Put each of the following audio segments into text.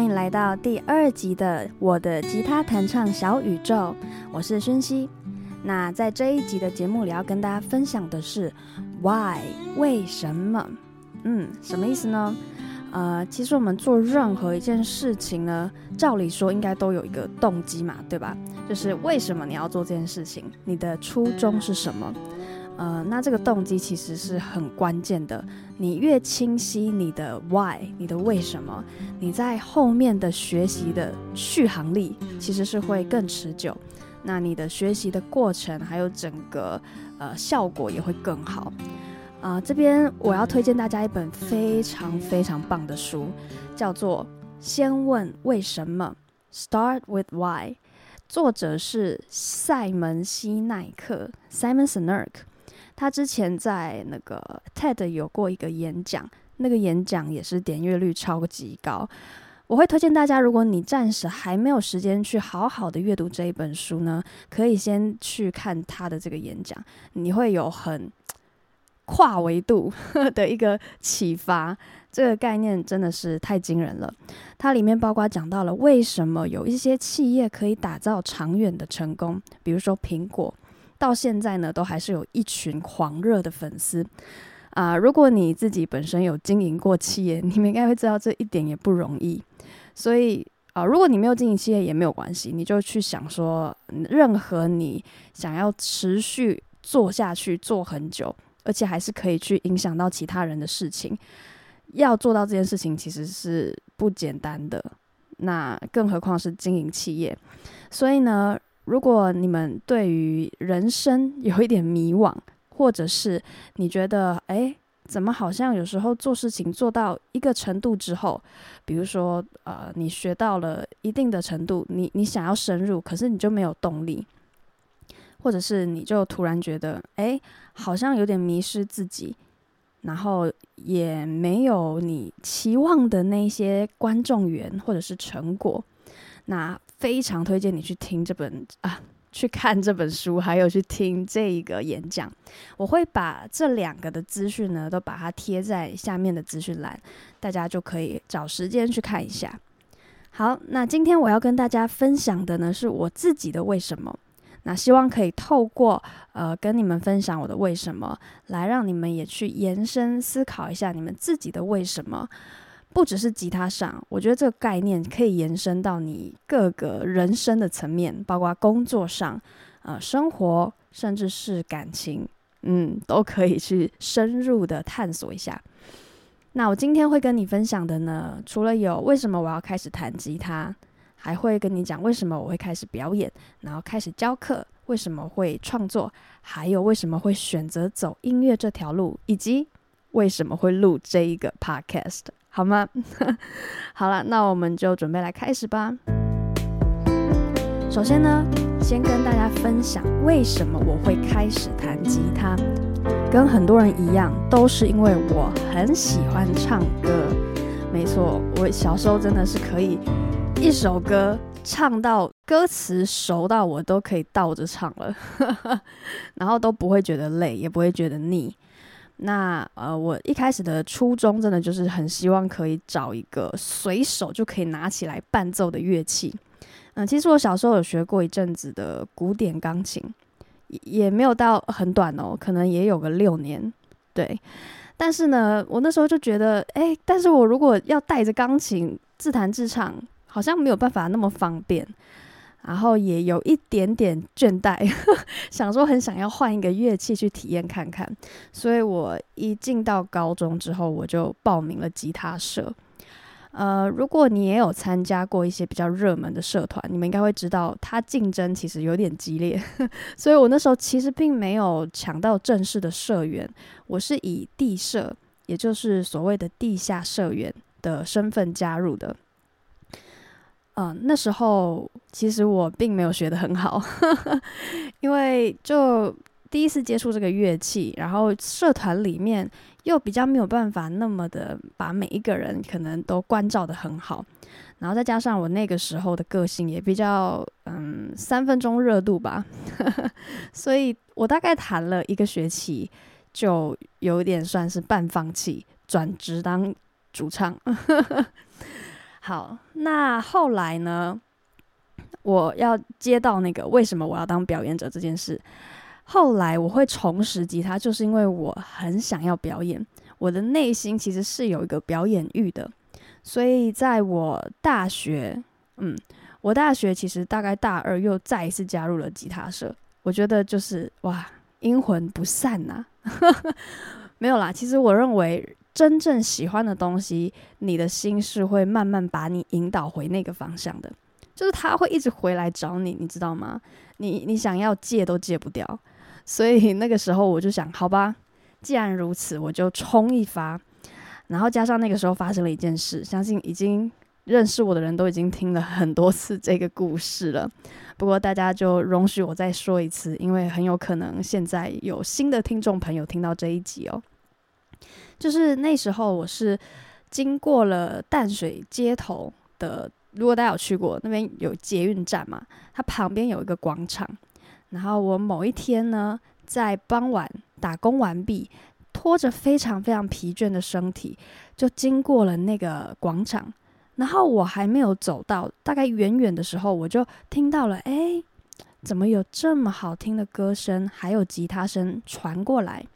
歡迎來到第二集的我的吉他彈唱小宇宙，我是宣熙。那在這一集的節目裡要跟大家分享的是，why 為什麼？嗯，什麼意思呢？呃，其實我們做任何一件事情呢，照理說應該都有一個動機嘛，對吧？就是為什麼你要做這件事情？你的初衷是什麼？呃，那這個動機其實是很關鍵的。你越清晰你的 why，你的為什麼，你在後面的學習的續航力其實是會更持久。那你的學習的過程還有整個呃效果也會更好。啊、呃，這邊我要推薦大家一本非常非常棒的書，叫做《先問為什麼》（Start with Why），作者是賽門西奈克 （Simon Sinek 他之前在那個 TED 有過一個演講，那個演講也是點閱率超級高。我會推薦大家，如果你暫時還沒有時間去好好的閱讀這一本書呢，可以先去看他的這個演講，你會有很跨維度的一個啟發。這個概念真的是太驚人了。它裡面包括講到了為什麼有一些企業可以打造長遠的成功，比如說蘋果。到現在呢，都還是有一群狂熱的粉絲啊、呃。如果你自己本身有經營過企業，你們應該會知道這一點也不容易。所以啊、呃，如果你沒有經營企業也沒有關係，你就去想說，任何你想要持續做下去、做很久，而且還是可以去影響到其他人的事情，要做到這件事情其實是不簡單的。那更何況是經營企業，所以呢，如果你們對於人生有一點迷惘，或者是你覺得欸，怎麼好像有時候做事情做到一個程度之後，比如說呃，你學到了一定的程度，你你想要深入，可是你就沒有動力，或者是你就突然覺得欸，好像有點迷失自己，然後也沒有你期望的那些觀眾緣或者是成果，那。非常推薦你去聽這本啊，去看這本書，還有去聽這一個演講。我會把這兩個的資訊呢，都把它貼在下面的資訊欄，大家就可以找時間去看一下。好，那今天我要跟大家分享的呢，是我自己的為什麼。那希望可以透過呃，跟你們分享我的為什麼，來讓你們也去延伸思考一下你們自己的為什麼。不只是吉他上，我覺得這個概念可以延伸到你各個人生的層面，包括工作上、呃，生活，甚至是感情，嗯，都可以去深入的探索一下。那我今天會跟你分享的呢，除了有為什麼我要開始彈吉他，還會跟你講為什麼我會開始表演，然後開始教課，為什麼會創作，還有為什麼會選擇走音樂這條路，以及為什麼會錄這一個 podcast。好嗎？ 好了，那我們就準備來開始吧。首先呢，先跟大家分享為什麼我會開始彈吉他。跟很多人一樣，都是因為我很喜歡唱歌。沒錯，我小時候真的是可以一首歌唱到歌詞熟到我都可以倒着唱了， 然後都不會覺得累，也不會覺得膩。那呃，我一開始的初衷真的就是很希望可以找一個隨手就可以拿起來伴奏的樂器。嗯，其實我小時候有學過一陣子的古典鋼琴，也沒有到很短哦，可能也有個六年。對，但是呢，我那時候就覺得，欸，但是我如果要帶着鋼琴自彈自唱，好像沒有辦法那麼方便。然後也有一點點倦怠，想說很想要換一個樂器去體驗看看，所以我一進到高中之後，我就報名了吉他社。呃，如果你也有參加過一些比較熱門的社團，你們應該會知道，它競爭其實有點激烈，所以我那時候其實並沒有搶到正式的社員，我是以地社，也就是所謂的地下社員的身份加入的。嗯，那時候其實我並沒有學得很好，呵呵，因為就第一次接觸這個樂器，然後社團裡面又比較沒有辦法那麼的把每一個人可能都關照得很好，然後再加上我那個時候的個性也比較嗯，三分鐘熱度吧，呵呵，所以我大概彈了一個學期，就有點算是半放棄，轉職當主唱。呵呵好，那後來呢？我要接到那個為什麼我要當表演者這件事。後來我會重拾吉他，就是因為我很想要表演。我的內心其實是有一個表演慾的，所以在我大學，嗯，我大學其實大概大二又再一次加入了吉他社。我覺得就是哇，陰魂不散吶、啊。 沒有啦，其實我認為。真正喜歡的東西，你的心是會慢慢把你引導回那個方向的，就是他會一直回來找你，你知道嗎？你你想要戒都戒不掉，所以那個時候我就想，好吧，既然如此，我就衝一發。然後加上那個時候發生了一件事，相信已經認識我的人都已經聽了很多次這個故事了，不過大家就容許我再說一次，因為很有可能現在有新的聽眾朋友聽到這一集哦。就是那時候，我是經過了淡水街頭的。如果大家有去過，那邊有捷運站嘛，它旁邊有一個廣場。然後我某一天呢，在傍晚打工完畢，拖着非常非常疲倦的身體，就經過了那個廣場。然後我還沒有走到大概遠遠的時候，我就聽到了，哎，怎麼有這麼好聽的歌聲，還有吉他聲傳過來？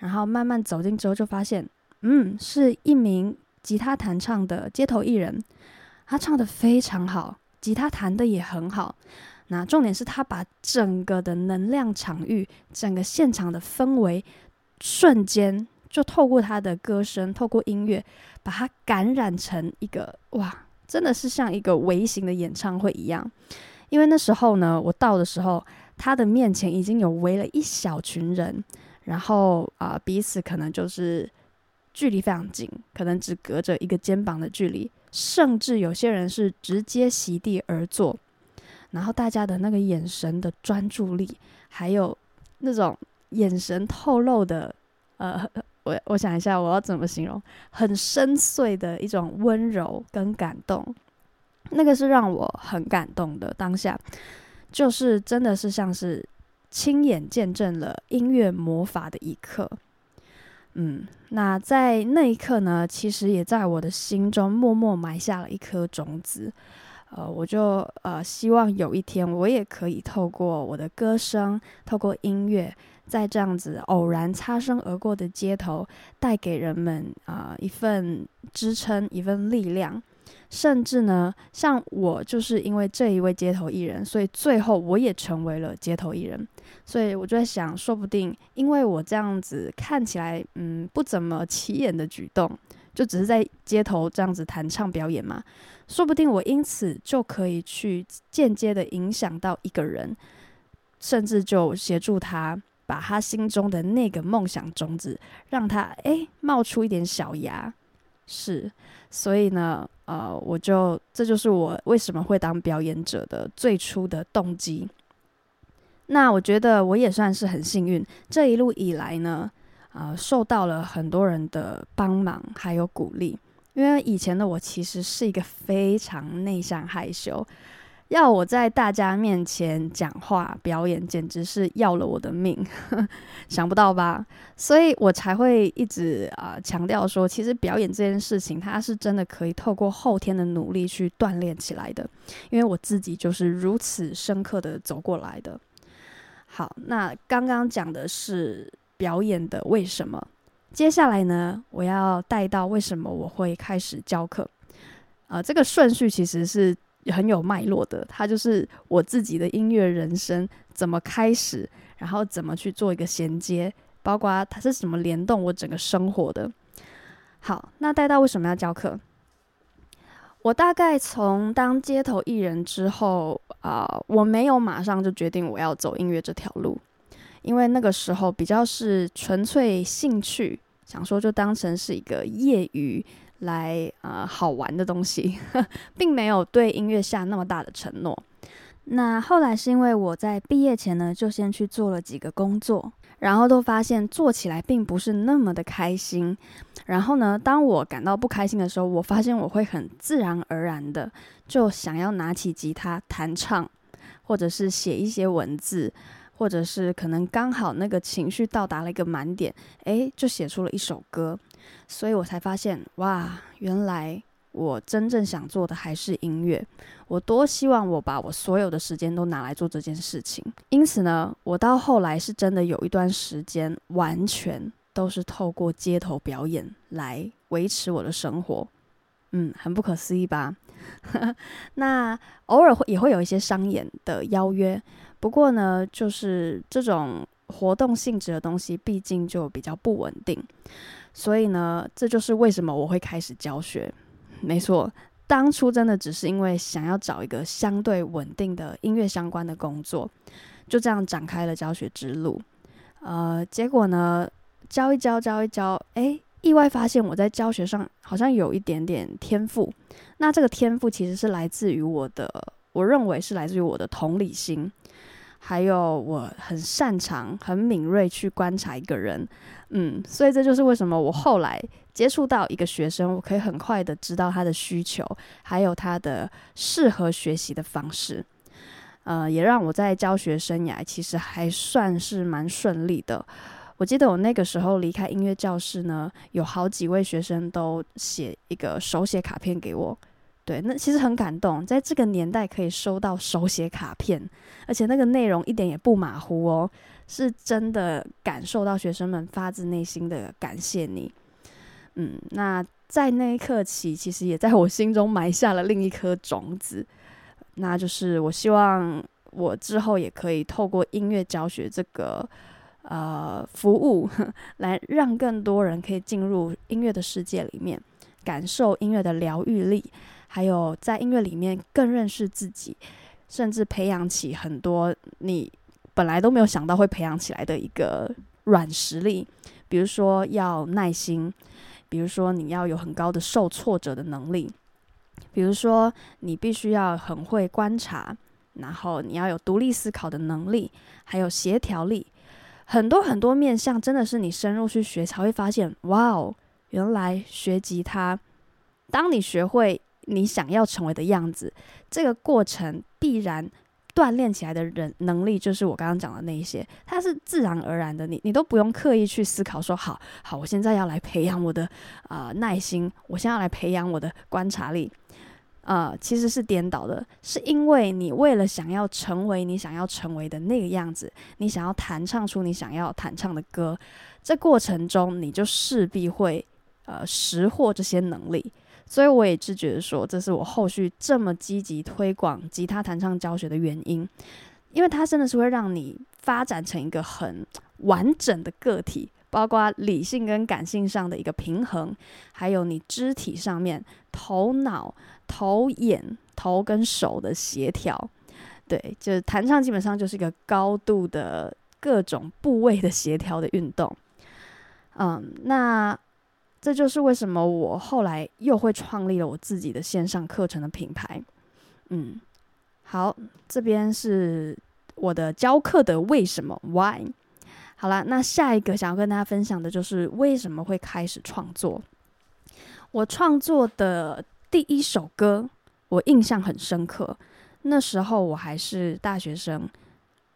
然後慢慢走近之後，就發現，嗯，是一名吉他彈唱的街頭藝人，他唱得非常好，吉他彈得也很好。那重點是他把整個的能量場域、整個現場的氛圍，瞬間就透過他的歌聲、透過音樂，把它感染成一個哇，真的是像一個微型的演唱會一樣。因為那時候呢，我到的時候，他的面前已經有圍了一小群人。然後啊，呃，彼此可能就是距離非常近，可能只隔着一個肩膀的距離，甚至有些人是直接席地而坐。然後大家的那個眼神的專注力，還有那種眼神透露的，呃，我我想一下，我要怎麼形容？很深邃的一種溫柔跟感動，那個是讓我很感動的。當下就是真的是像是。親眼見證了音樂魔法的一刻，嗯，那在那一刻呢，其實也在我的心中默默埋下了一顆種子。呃，我就呃希望有一天我也可以透過我的歌聲，透過音樂，在這樣子偶然擦身而過的街頭，帶給人們啊、呃、一份支撐，一份力量。甚至呢，像我就是因為這一位街頭藝人，所以最後我也成為了街頭藝人。所以我就在想，說不定因為我這樣子看起來，嗯，不怎麼起眼的舉動，就只是在街頭這樣子彈唱表演嘛，說不定我因此就可以去間接的影響到一個人，甚至就協助他把他心中的那個夢想種子，讓他誒、欸、冒出一點小芽。是，所以呢，呃，我就這就是我為什麼會當表演者的最初的動機。那我覺得我也算是很幸運，這一路以來呢，啊，受到了很多人的幫忙還有鼓勵。因為以前的我其實是一個非常內向害羞，要我在大家面前講話表演，簡直是要了我的命，呵呵，想不到吧？所以我才會一直啊強調說，其實表演這件事情，它是真的可以透過後天的努力去鍛鍊起來的，因為我自己就是如此深刻的走過來的。好，那剛剛講的是表演的為什麼？接下來呢，我要帶到為什麼我會開始教課？啊、呃，這個順序其實是很有脈絡的，它就是我自己的音樂人生怎麼開始，然後怎麼去做一個銜接，包括它是怎麼聯動我整個生活的。好，那帶到為什麼要教課？我大概從當街頭藝人之後啊、呃，我沒有馬上就決定我要走音樂這條路，因為那個時候比較是純粹興趣，想說就當成是一個業餘來啊、呃，好玩的東西呵，並沒有對音樂下那麼大的承諾。那後來是因為我在畢業前呢，就先去做了幾個工作，然後都發現做起來並不是那麼的開心。然後呢，當我感到不開心的時候，我發現我會很自然而然的就想要拿起吉他彈唱，或者是寫一些文字，或者是可能剛好那個情緒到達了一個滿點，哎，就寫出了一首歌。所以我才發現，哇，原來。我真正想做的還是音樂，我多希望我把我所有的時間都拿來做這件事情。因此呢，我到後來是真的有一段時間，完全都是透過街頭表演來維持我的生活。嗯，很不可思議吧？ 那偶爾會也會有一些商演的邀約，不過呢，就是這種活動性質的東西，畢竟就比較不穩定。所以呢，這就是為什麼我會開始教學。沒錯，當初真的只是因為想要找一個相對穩定的音樂相關的工作，就這樣展開了教學之路。呃，結果呢，教一教，教一教，哎，意外發現我在教學上好像有一點點天賦。那這個天賦其實是來自於我的，我認為是來自於我的同理心。還有我很擅長、很敏銳去觀察一個人，嗯，所以這就是為什麼我後來接觸到一個學生，我可以很快的知道他的需求，還有他的適合學習的方式，呃，也讓我在教學生涯其實還算是蠻順利的。我記得我那個時候離開音樂教室呢，有好幾位學生都寫一個手寫卡片給我。對，那其實很感動，在這個年代可以收到手寫卡片，而且那個內容一點也不馬虎哦，是真的感受到學生們發自內心的感謝你。嗯，那在那一刻起，其實也在我心中埋下了另一顆種子，那就是我希望我之後也可以透過音樂教學這個呃服務，來讓更多人可以進入音樂的世界裡面，感受音樂的療癒力。還有在音樂裡面更認識自己，甚至培養起很多你本來都沒有想到會培養起來的一個軟實力，比如說要耐心，比如說你要有很高的受挫折的能力，比如說你必須要很會觀察，然後你要有獨立思考的能力，還有協調力，很多很多面向真的是你深入去學才會發現，哇哦，原來學吉他，當你學會。你想要成為的樣子，這個過程必然鍛煉起來的人能力，就是我剛剛講的那一些，它是自然而然的，你你都不用刻意去思考說，好，好，我現在要來培養我的啊、呃、耐心，我現在要來培養我的觀察力，啊、呃，其實是顛倒的，是因為你為了想要成為你想要成為的那個樣子，你想要彈唱出你想要彈唱的歌，這過程中你就勢必會呃識貨這些能力。所以我也自覺得說，這是我後續這麼積極推廣吉他彈唱教學的原因，因為它真的是會讓你發展成一個很完整的個體，包括理性跟感性上的一個平衡，還有你肢體上面、頭腦、頭眼、頭跟手的協調。對，就是彈唱基本上就是一個高度的各種部位的協調的運動。嗯，那。這就是為什麼我後來又會創立了我自己的線上課程的品牌。嗯，好，這邊是我的教課的為什麼？Why？好了，那下一個想要跟大家分享的就是為什麼會開始創作。我創作的第一首歌，我印象很深刻。那時候我還是大學生，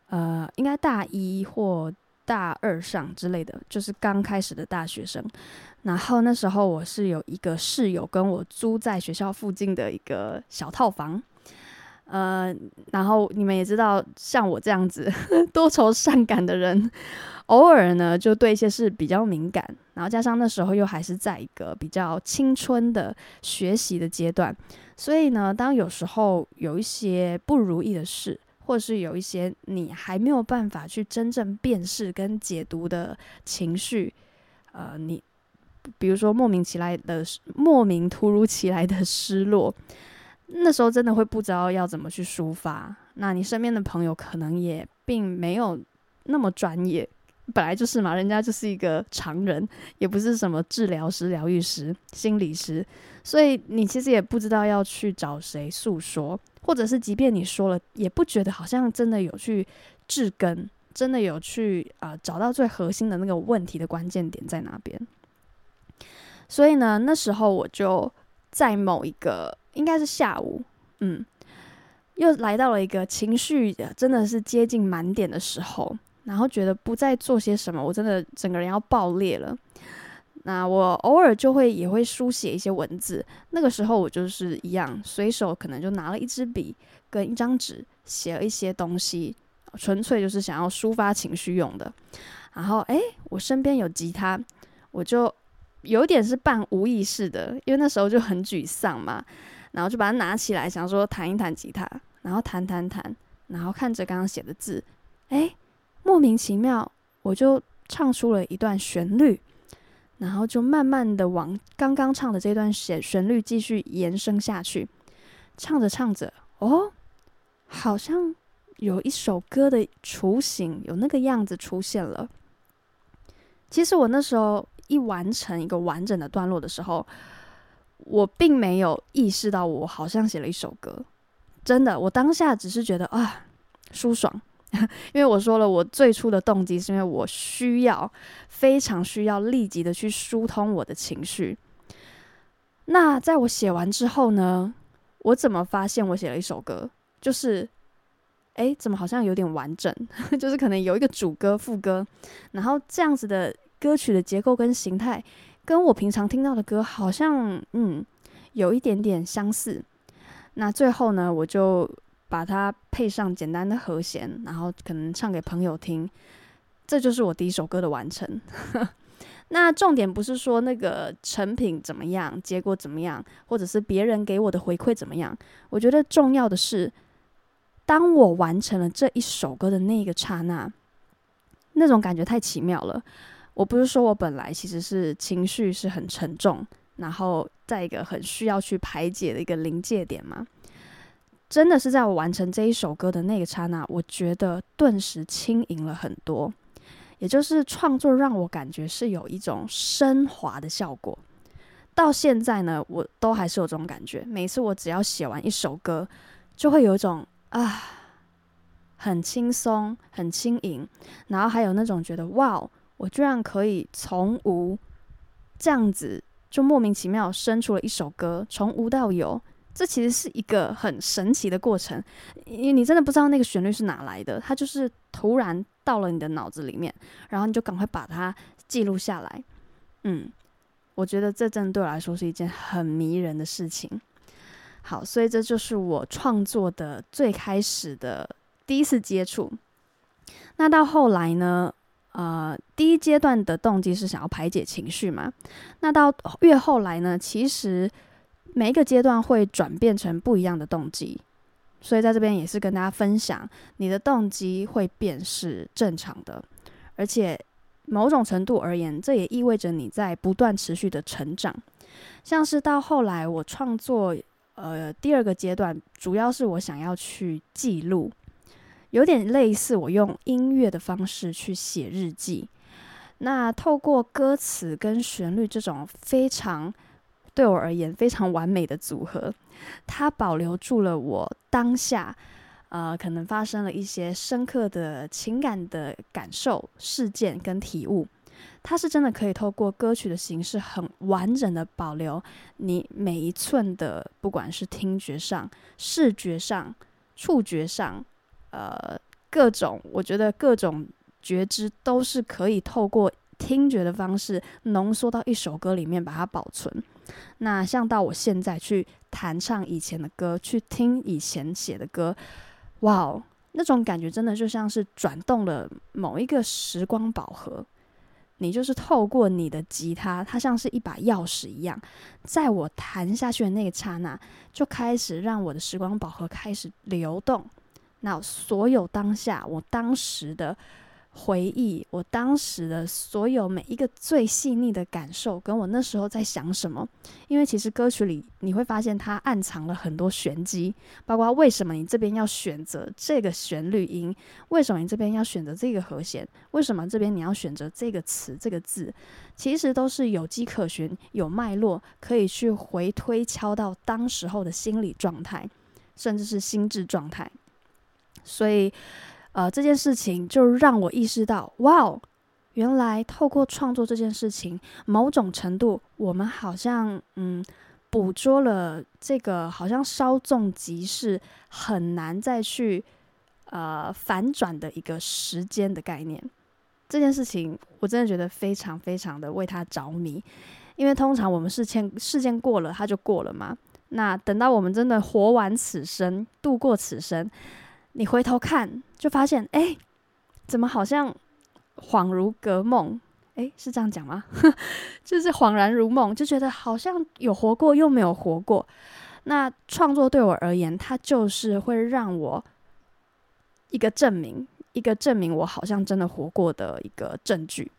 呃，應該大一或。大二上之類的就是剛開始的大學生，然後那時候我是有一個室友跟我租在學校附近的一個小套房，嗯、呃，然後你們也知道，像我這樣子多愁善感的人，偶爾呢就對一些事比較敏感，然後加上那時候又還是在一個比較青春的學習的階段，所以呢，當有時候有一些不如意的事。或是有一些你還沒有辦法去真正辨識跟解讀的情緒，呃，你比如說莫名其來的，莫名突如其來的失落，那時候真的會不知道要怎麼去抒發。那你身邊的朋友可能也並沒有那麼專業。本來就是嘛，人家就是一個常人，也不是什麼治療師、療癒師、心理師，所以你其實也不知道要去找誰訴說，或者是即便你說了，也不覺得好像真的有去治根，真的有去啊，呃，找到最核心的那個問題的關鍵點在哪邊。所以呢，那時候我就在某一個，應該是下午，嗯，又來到了一個情緒，呃，真的是接近滿點的時候。然後覺得不再做些什麼，我真的整個人要爆裂了。那我偶爾就會也會書寫一些文字，那個時候我就是一樣，隨手可能就拿了一支筆跟一張紙寫了一些東西，純粹就是想要抒發情緒用的。然後哎，我身邊有吉他，我就有點是半無意識的，因為那時候就很沮喪嘛，然後就把它拿起來，想說彈一彈吉他，然後彈彈彈，然後看着剛剛寫的字，哎。莫名其妙，我就唱出了一段旋律，然後就慢慢的往剛剛唱的這段旋旋律繼續延伸下去。唱着唱着，哦，好像有一首歌的雛形，有那個樣子出現了。其實我那時候一完成一個完整的段落的時候，我並沒有意識到我好像寫了一首歌。真的，我當下只是覺得啊，舒爽。因為我說了，我最初的動機是因為我需要非常需要立即的去疏通我的情緒。那在我寫完之後呢，我怎麼發現我寫了一首歌？就是，哎、欸，怎麼好像有點完整？就是可能有一個主歌、副歌，然後這樣子的歌曲的結構跟形態，跟我平常聽到的歌好像，嗯，有一點點相似。那最後呢，我就。把它配上簡單的和弦，然後可能唱給朋友聽，這就是我第一首歌的完成。 那重點不是說那個成品怎麼樣，結果怎麼樣，或者是別人給我的回饋怎麼樣。我覺得重要的是，當我完成了這一首歌的那個剎那，那種感覺太奇妙了。我不是說我本來其實是情緒是很沉重，然後在一個很需要去排解的一個臨界點嘛。真的是在我完成這一首歌的那個剎那，我覺得頓時輕盈了很多，也就是創作讓我感覺是有一種升華的效果。到現在呢，我都還是有這種感覺。每次我只要寫完一首歌，就會有一種啊，很輕鬆、很輕盈，然後還有那種覺得哇，我居然可以從無這樣子就莫名其妙生出了一首歌，從無到有。這其實是一個很神奇的過程，因為你真的不知道那個旋律是哪來的，它就是突然到了你的腦子裡面，然後你就趕快把它記錄下來。嗯，我覺得這真的對我來說是一件很迷人的事情。好，所以這就是我創作的最開始的第一次接觸。那到後來呢？呃，第一階段的動機是想要排解情緒嘛。那到越後來呢，其實，每一個階段會轉變成不一樣的動機，所以在這邊也是跟大家分享，你的動機會變是正常的，而且某種程度而言，這也意味着你在不斷持續的成長。像是到後來我創作，呃，第二個階段，主要是我想要去記錄，有點類似我用音樂的方式去寫日記。那透過歌詞跟旋律這種非常對我而言非常完美的組合，它保留住了我當下，呃，可能發生了一些深刻的情感的感受、事件跟體悟。它是真的可以透過歌曲的形式，很完整的保留你每一寸的，不管是聽覺上、視覺上、觸覺上，呃，各種我覺得各種覺知都是可以透過聽覺的方式濃縮到一首歌裡面把它保存。那像到我現在去彈唱以前的歌，去聽以前寫的歌，哇哦，那種感覺真的就像是轉動了某一個時光寶盒，你就是透過你的吉他，它像是一把鑰匙一樣，在我彈下去的那一剎那，就開始讓我的時光寶盒開始流動，那所有當下我當時的。回憶我當時的所有每一個最細膩的感受，跟我那時候在想什麼。因為其實歌曲裡你會發現它暗藏了很多玄機，包括為什麼你這邊要選擇這個旋律音，為什麼你這邊要選擇這個和弦，為什麼這邊你要選擇這個詞這個字，其實都是有跡可循，有脈絡可以去回推敲到當時候的心理狀態，甚至是心智狀態。所以。呃，這件事情就讓我意識到，哇，原來透過創作這件事情，某種程度我們好像嗯，捕捉了這個好像稍縱即逝、很難再去呃反轉的一個時間的概念。這件事情我真的覺得非常非常的為他着迷，因為通常我們事件事件過了，它就過了嘛。那等到我們真的活完此生，度過此生。你回頭看，就發現，哎，怎麼好像恍如隔夢？哎，是這樣講嗎？ 就是恍然如夢，就覺得好像有活過，又沒有活過。那創作對我而言，它就是會讓我一個證明，一個證明我好像真的活過的一個證據。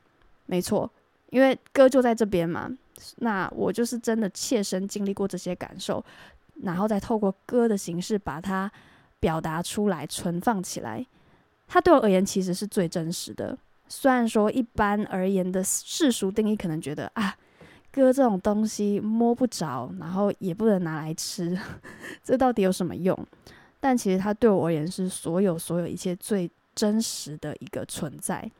沒錯，因為歌就在這邊嘛。那我就是真的切身經歷過這些感受，然後再透過歌的形式把它。表達出來，存放起來，它對我而言其實是最真實的。雖然說一般而言的世俗定義可能覺得啊，歌這種東西摸不着，然後也不能拿來吃，呵呵，這到底有什麼用？但其實它對我而言是所有所有一切最真實的一個存在。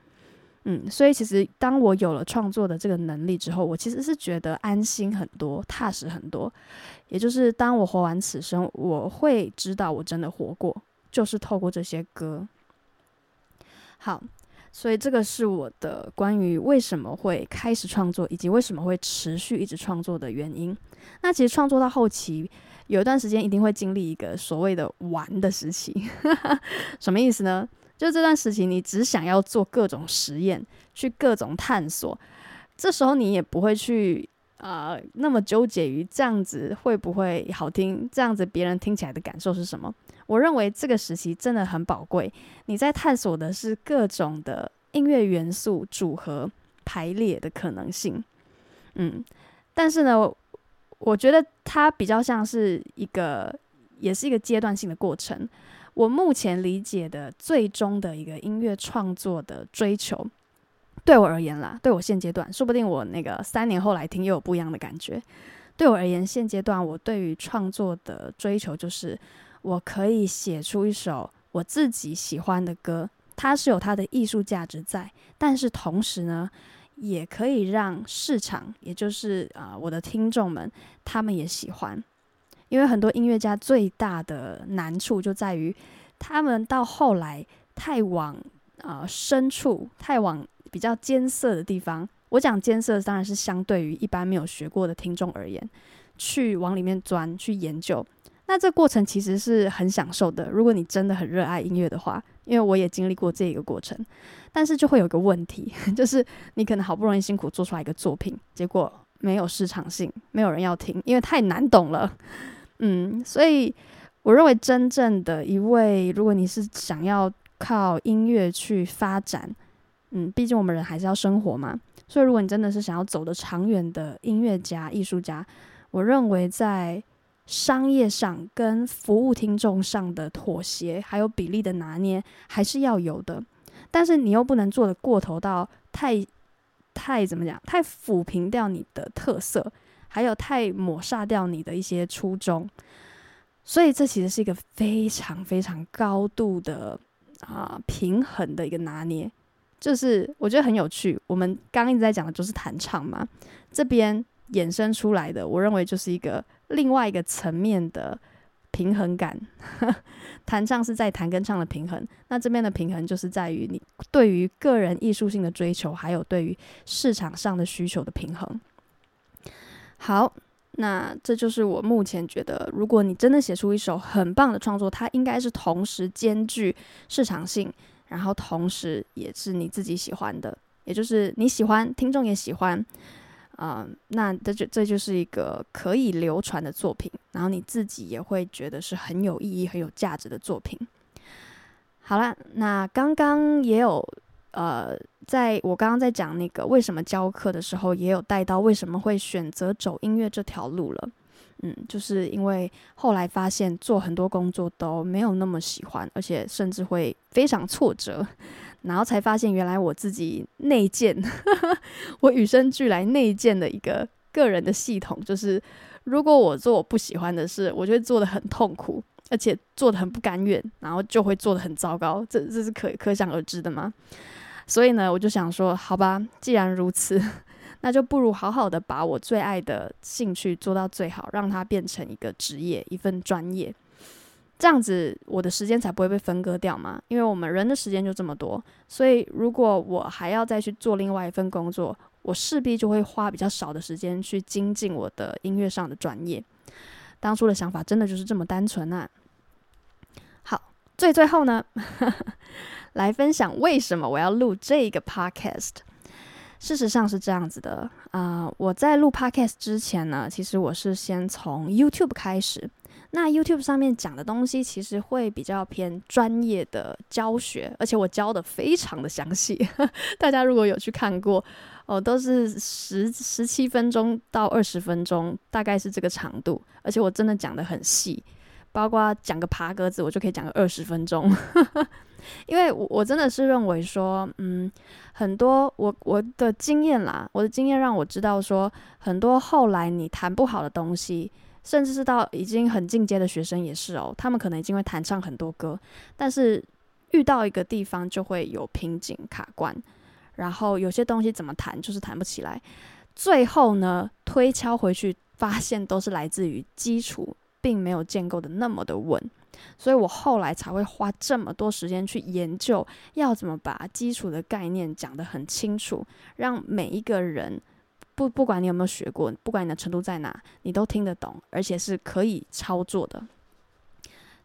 嗯，所以其實當我有了創作的這個能力之後，我其實是覺得安心很多，踏實很多。也就是當我活完此生，我會知道我真的活過，就是透過這些歌。好，所以這個是我的關於為什麼會開始創作，以及為什麼會持續一直創作的原因。那其實創作到後期，有一段時間一定會經歷一個所謂的“玩”的時期。 什麼意思呢？就這段時期，你只想要做各種實驗，去各種探索。這時候你也不會去啊、呃、那麼糾結於這樣子會不會好聽，這樣子別人聽起來的感受是什麼。我認為這個時期真的很寶貴，你在探索的是各種的音樂元素組合排列的可能性。嗯，但是呢，我覺得它比較像是一個，也是一個階段性的過程。我目前理解的最終的一個音樂創作的追求，對我而言啦，對我現階段，說不定我那個三年後來聽又有不一樣的感覺。對我而言，現階段我對於創作的追求就是，我可以寫出一首我自己喜歡的歌，它是有它的藝術價值在，但是同時呢，也可以讓市場，也就是啊，呃，我的聽眾們，他們也喜歡。因為很多音樂家最大的難處就在於，他們到後來太往啊、呃、深處，太往比較艱澀的地方。我講艱澀，當然是相對於一般沒有學過的聽眾而言，去往裡面鑽去研究。那這過程其實是很享受的，如果你真的很熱愛音樂的話，因為我也經歷過這一個過程。但是就會有一個問題，就是你可能好不容易辛苦做出來一個作品，結果沒有市場性，沒有人要聽，因為太難懂了。嗯，所以我認為真正的一位，如果你是想要靠音樂去發展，嗯，畢竟我們人還是要生活嘛。所以如果你真的是想要走得長遠的音樂家、藝術家，我認為在商業上跟服務聽眾上的妥協，還有比例的拿捏，還是要有的。但是你又不能做得過頭到太，太，怎麼講？太撫平掉你的特色。還有太抹殺掉你的一些初衷，所以這其實是一個非常非常高度的啊平衡的一個拿捏。就是我覺得很有趣，我們剛一直在講的就是彈唱嘛，這邊衍生出來的，我認為就是一個另外一個層面的平衡感。 彈唱是在彈跟唱的平衡，那這邊的平衡就是在於你對於個人藝術性的追求，還有對於市場上的需求的平衡。好，那這就是我目前覺得，如果你真的寫出一首很棒的創作，它應該是同時兼具市場性，然後同時也是你自己喜歡的，也就是你喜歡，聽眾也喜歡，嗯、呃，那這就這就是一個可以流傳的作品，然後你自己也會覺得是很有意義、很有價值的作品。好了，那剛剛也有。呃，在我剛剛在講那個為什麼教課的時候，也有帶到為什麼會選擇走音樂這條路了。嗯，就是因為後來發現做很多工作都沒有那麼喜歡，而且甚至會非常挫折，然後才發現原來我自己內建，我與生俱來內建的一個個人的系統，就是如果我做我不喜歡的事，我就會做得很痛苦，而且做得很不甘願，然後就會做得很糟糕。這這是可可想而知的嗎？所以呢，我就想說，好吧，既然如此，那就不如好好的把我最愛的興趣做到最好，讓它變成一個職業，一份專業，這樣子我的時間才不會被分割掉嘛。因為我們人的時間就這麼多，所以如果我還要再去做另外一份工作，我勢必就會花比較少的時間去精進我的音樂上的專業。當初的想法真的就是這麼單純啊。好，最最後呢。 來分享為什麼我要錄這個 podcast。事實上是這樣子的啊，呃，我在錄 podcast 之前呢，其實我是先從 YouTube 開始。那 YouTube 上面講的東西其實會比較偏專業的教學，而且我教得非常的詳細呵呵。大家如果有去看過哦，都是十十七分鐘到二十分鐘，大概是這個長度。而且我真的講得很細，包括講個爬格子，我就可以講個二十分鐘。呵呵因為我我真的是認為說，嗯，很多我我的經驗啦，我的經驗讓我知道說，很多後來你彈不好的東西，甚至是到已經很進階的學生也是哦，他們可能已經會彈唱很多歌，但是遇到一個地方就會有瓶頸卡關，然後有些東西怎麼彈就是彈不起來，最後呢推敲回去發現都是來自於基礎並沒有建構得那麼的穩。所以我後來才會花這麼多時間去研究，要怎麼把基礎的概念講得很清楚，讓每一個人不不管你有沒有學過，不管你的程度在哪，你都聽得懂，而且是可以操作的。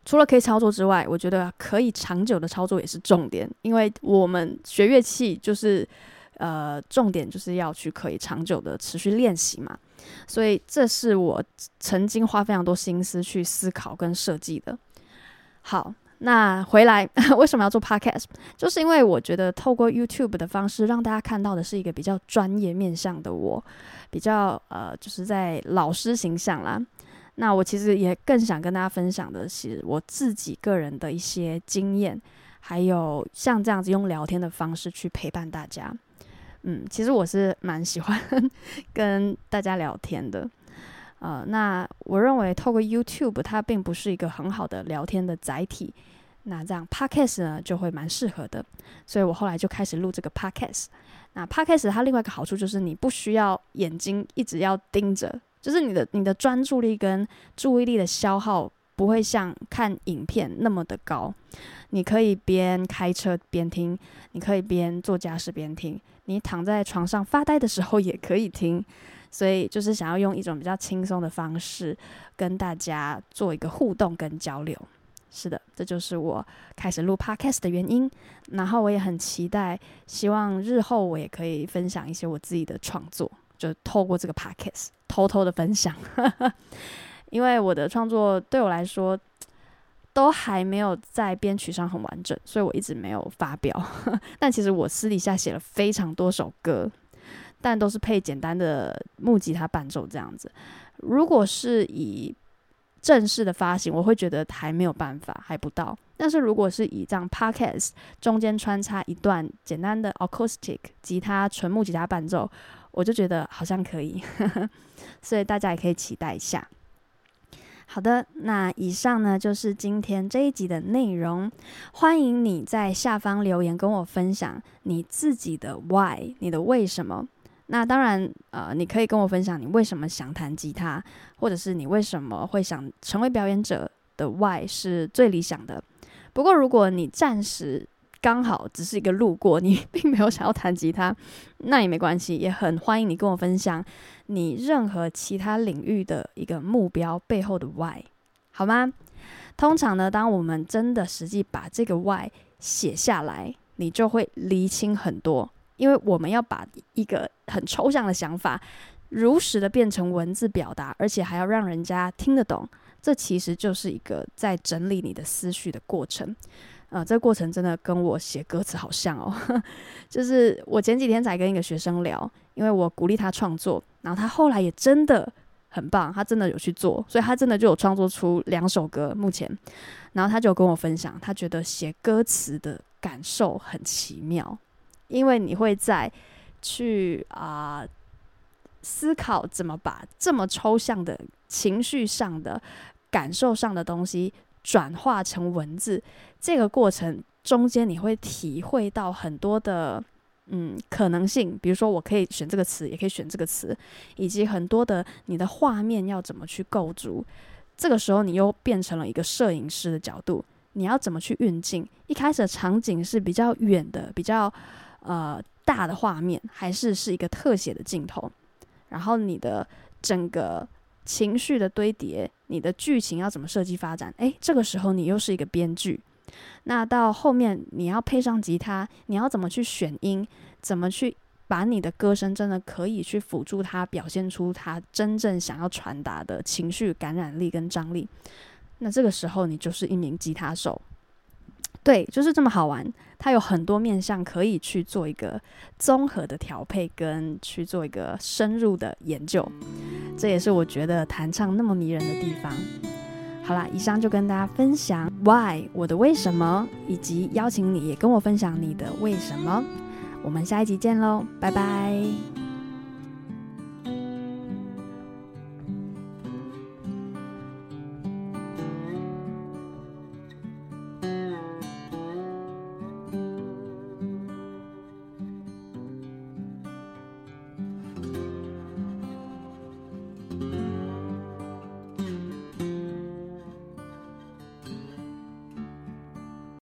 除了可以操作之外，我覺得可以長久的操作也是重點，因為我們學樂器就是呃重點就是要去可以長久的持續練習嘛，所以這是我曾經花非常多心思去思考跟設計的。好，那回來為什麼要做 podcast？就是因為我覺得透過 YouTube 的方式，讓大家看到的是一個比較專業面向的我，比較呃，就是在老師形象啦。那我其實也更想跟大家分享的是我自己個人的一些經驗，還有像這樣子用聊天的方式去陪伴大家。嗯，其實我是蠻喜歡 跟大家聊天的。呃，那我認為透過 YouTube，它並不是一個很好的聊天的載體。那這樣 Podcast 呢，就會蠻適合的。所以我後來就開始錄這個 Podcast。那 Podcast 它另外一個好處就是，你不需要眼睛一直要盯着，就是你的你的專注力跟注意力的消耗不會像看影片那麼的高。你可以邊開車邊聽，你可以邊做家事邊聽，你躺在床上發呆的時候也可以聽。所以就是想要用一種比較輕鬆的方式跟大家做一個互動跟交流。是的，這就是我開始錄 Podcast 的原因。然後我也很期待，希望日後我也可以分享一些我自己的創作，就透過這個 Podcast 偷偷的分享。 因為我的創作對我來說都還沒有在編曲上很完整，所以我一直沒有發表。 但其實我私底下寫了非常多首歌。但都是配簡單的木吉他伴奏這樣子。如果是以正式的發行，我會覺得還沒有辦法，還不到。但是如果是以這樣 podcast 中間穿插一段簡單的 acoustic 吉他純木吉他伴奏，我就覺得好像可以。 所以大家也可以期待一下。好的，那以上呢，就是今天這一集的內容。歡迎你在下方留言跟我分享你自己的 why，你的為什麼。那當然，呃，你可以跟我分享你為什麼想彈吉他，或者是你為什麼會想成為表演者的 why 是最理想的。不過，如果你暫時剛好只是一個路過，你並沒有想要彈吉他，那也沒關係，也很歡迎你跟我分享你任何其他領域的一個目標背後的 why，好嗎？通常呢，當我們真的實際把這個 why 寫下來，你就會釐清很多。因為我們要把一個很抽象的想法，如實的變成文字表達，而且還要讓人家聽得懂，這其實就是一個在整理你的思緒的過程。呃，這個過程真的跟我寫歌詞好像哦。 就是我前幾天才跟一個學生聊，因為我鼓勵他創作，然後他後來也真的很棒，他真的有去做，所以他真的就有創作出兩首歌，目前。然後他就跟我分享，他覺得寫歌詞的感受很奇妙。因為你會在去啊、呃、思考怎麼把這麼抽象的情緒上的感受上的東西轉化成文字，這個過程中間你會體會到很多的嗯可能性，比如說我可以選這個詞，也可以選這個詞，以及很多的你的畫面要怎麼去構築。這個時候你又變成了一個攝影師的角度，你要怎麼去運鏡？一開始的場景是比較遠的，比較。呃，大的畫面還是是一個特寫的鏡頭，然後你的整個情緒的堆疊，你的劇情要怎麼設計發展？誒，這個時候你又是一個編劇。那到後面你要配上吉他，你要怎麼去選音？怎麼去把你的歌聲真的可以去輔助他表現出他真正想要傳達的情緒、感染力跟張力？那這個時候你就是一名吉他手。對，就是這麼好玩。它有很多面向可以去做一個綜合的調配，跟去做一個深入的研究。這也是我覺得彈唱那麼迷人的地方。好啦，以上就跟大家分享 why 我的為什麼，以及邀請你也跟我分享你的為什麼。我們下一集見嘍，拜拜。